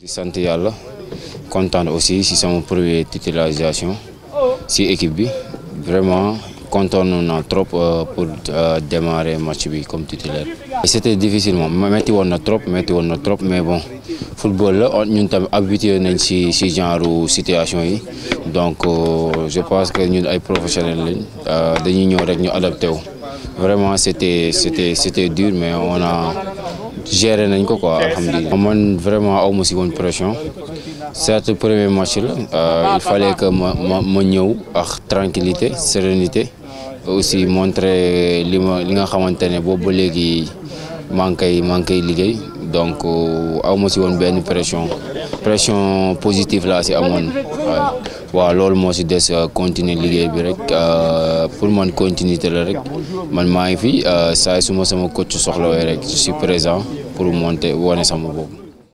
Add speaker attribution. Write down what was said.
Speaker 1: de sant là content aussi si mon premier titularisation si équipe bi vraiment en a trop euh, pour euh, démarrer match bi comme titulaire. c'était difficile moom métti woon trop métti woon trop mais bon football on ñun habitué nañ si si genre situation yi donc euh, je pense que nous ay professionnels lañ dañuy ñëw rek adapté vraiment c'était c'était c'était dur mais on a géré nañ ko quoi alhamdoulillah man vraiment aw ma si won pression certes premier match la euh, il fallait que ma ma ma ñëw ak tranquillité sérénité aussi montrer li ma li nga xamantene bobu légui mankay mankay maa donc euh, aw ma si won ben pression pression positive là si amoon wa loolu moo si des euh, continuer liggéey bi rek euh, pour moi continuité la rek man maa ngi fi euh, saa su ma sama coach soxlawee rek je suis présent pour monter woné sama bobu